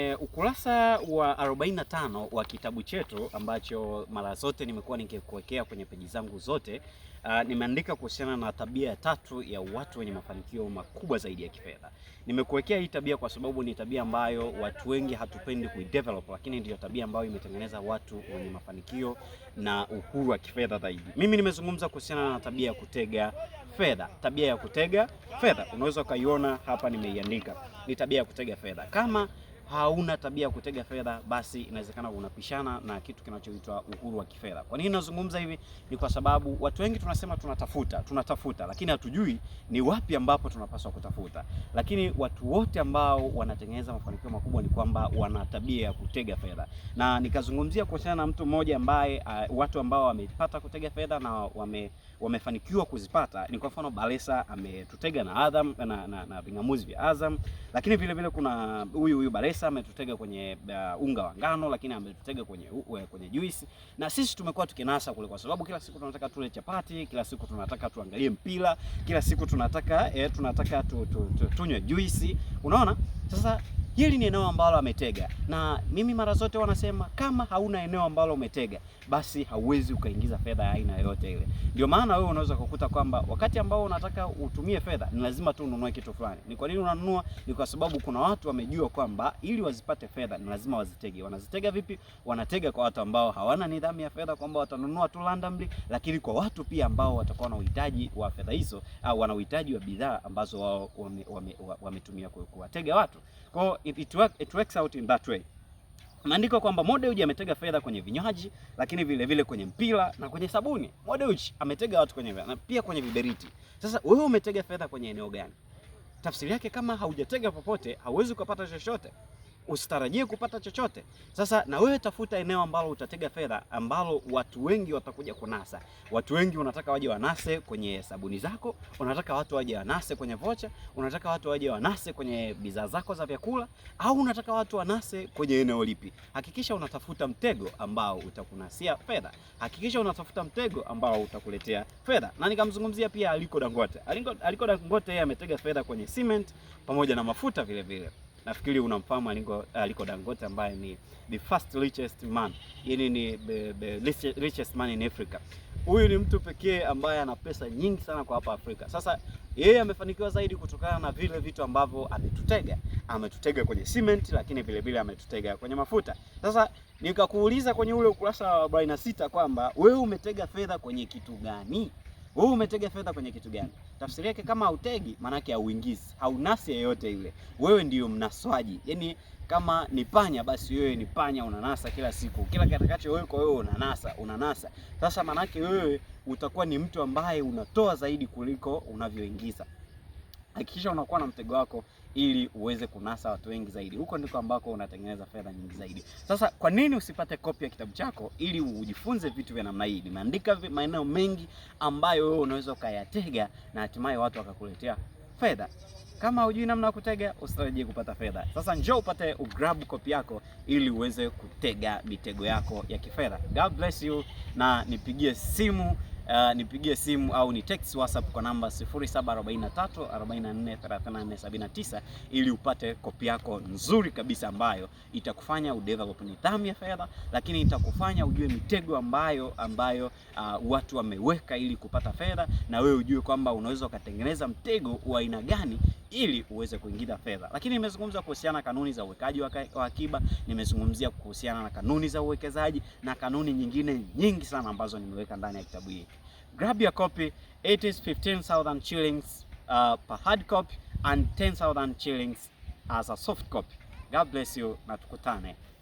Eh, ukurasa wa 45 wa kitabu chetu ambacho mara zote nimekuwa nikikuwekea kwenye peji zangu zote, uh, nimeandika kuhusiana na tabia ya tatu ya watu wenye mafanikio makubwa zaidi ya kifedha. Nimekuwekea hii tabia kwa sababu ni tabia ambayo watu wengi hatupendi kuidevelop, lakini ndiyo tabia ambayo imetengeneza watu wenye mafanikio na uhuru wa kifedha zaidi. Mimi nimezungumza kuhusiana na tabia ya kutega fedha. Tabia ya kutega fedha unaweza ukaiona hapa, nimeiandika ni tabia ya kutega fedha kama hauna tabia ya kutega fedha, basi inawezekana unapishana na kitu kinachoitwa uhuru wa kifedha. Kwa nini nazungumza hivi? Ni kwa sababu watu wengi tunasema tunatafuta, tunatafuta, lakini hatujui ni wapi ambapo tunapaswa kutafuta. Lakini watu wote ambao wanatengeneza mafanikio makubwa ni kwamba wana tabia ya kutega fedha, na nikazungumzia kuhusiana na mtu mmoja ambaye uh, watu ambao wamepata kutega fedha na wame, wamefanikiwa kuzipata ni kwa mfano Balesa ametutega na Azam na, na, na, na vingamuzi vya Azam, lakini vile vile kuna huyu huyu Balesa pesa, ametutega kwenye uh, unga wa ngano, lakini ametutega kwenye uh, kwenye juisi, na sisi tumekuwa tukinasa kule, kwa sababu kila siku tunataka tule chapati, kila siku tunataka tuangalie mpira, kila siku tunataka eh, tunataka tu, tu, tu, tunywe juisi, unaona sasa Hili ni eneo ambalo ametega, na mimi mara zote wanasema kama hauna eneo ambalo umetega, basi hauwezi ukaingiza fedha ya aina yoyote ile. Ndio maana wewe unaweza kukuta kwamba wakati ambao unataka utumie fedha ni lazima tu ununue kitu fulani. Ni kwa nini unanunua? Ni kwa sababu kuna watu wamejua kwamba ili wazipate fedha ni lazima wazitege. Wanazitega vipi? Wanatega kwa watu ambao hawana nidhamu ya fedha, kwamba watanunua tu randomly, lakini kwa watu pia ambao watakuwa na uhitaji wa fedha hizo au wana uhitaji wa bidhaa ambazo wao wametumia wame, wame kuwatega watu kwa it, it, work, it works out in that way. Maandiko kwamba Modewji ametega fedha kwenye vinywaji, lakini vile vile kwenye mpira na kwenye sabuni. Modewji ametega watu kwenye na pia kwenye viberiti. Sasa wewe umetega fedha kwenye eneo gani? Tafsiri yake kama haujatega popote, hauwezi kupata chochote usitarajie kupata chochote. Sasa na wewe tafuta eneo ambalo utatega fedha, ambalo watu wengi watakuja kunasa. Watu wengi wanataka waje wanase kwenye sabuni zako, unataka watu waje wanase kwenye vocha, unataka watu waje wanase kwenye bidhaa zako za vyakula, au unataka watu wanase kwenye eneo lipi? Hakikisha unatafuta mtego ambao utakunasia fedha, hakikisha unatafuta mtego ambao utakuletea fedha. Na nikamzungumzia pia Aliko Dangote. Aliko Dangote yeye ametega fedha kwenye cement pamoja na mafuta vile vile nafikiri unamfahamu aliko, aliko Dangote ambaye ni the first richest man, yani ni be, be, richest man in Africa. Huyu ni mtu pekee ambaye ana pesa nyingi sana kwa hapa Afrika. Sasa yeye amefanikiwa zaidi kutokana na vile vitu ambavyo ametutega, ametutega kwenye cement, lakini vile vile ametutega kwenye mafuta. Sasa nikakuuliza kwenye ule ukurasa wa 46 kwamba wewe umetega fedha kwenye kitu gani? wewe umetega fedha kwenye kitu gani? Tafsiri yake kama hautegi, maana yake hauingizi, haunasi yeyote ile, wewe ndiyo mnaswaji. Yaani kama ni panya, basi wewe ni panya, unanasa kila siku, kila kwa wewe unanasa, unanasa. Sasa maana yake wewe utakuwa ni mtu ambaye unatoa zaidi kuliko unavyoingiza hakikisha unakuwa na mtego wako ili uweze kunasa watu wengi zaidi. Huko ndiko ambako unatengeneza fedha nyingi zaidi. Sasa kwa nini usipate kopi ya kitabu chako ili ujifunze vitu vya namna hii? Nimeandika maeneo mengi ambayo wewe unaweza ukayatega na hatimaye watu wakakuletea fedha. Kama hujui namna ya kutega, usitarajie kupata fedha. Sasa njoo upate ugrab kopi yako ili uweze kutega mitego yako ya kifedha. God bless you, na nipigie simu Eh, nipigie simu au ni text WhatsApp kwa namba 0743443479 ili upate kopi yako nzuri kabisa ambayo itakufanya udevelop nidhamu ya fedha, lakini itakufanya ujue mitego ambayo ambayo uh, watu wameweka ili kupata fedha, na wewe ujue kwamba unaweza ukatengeneza mtego wa aina gani ili uweze kuingiza fedha. Lakini nimezungumza kuhusiana na kanuni za uwekaji wa akiba, nimezungumzia kuhusiana na kanuni za uwekezaji na kanuni nyingine nyingi sana ambazo nimeweka ndani ya kitabu hiki. Grab your copy. It is 15,000 shillings uh, per hard copy and 10,000 shillings as a soft copy. God bless you na tukutane.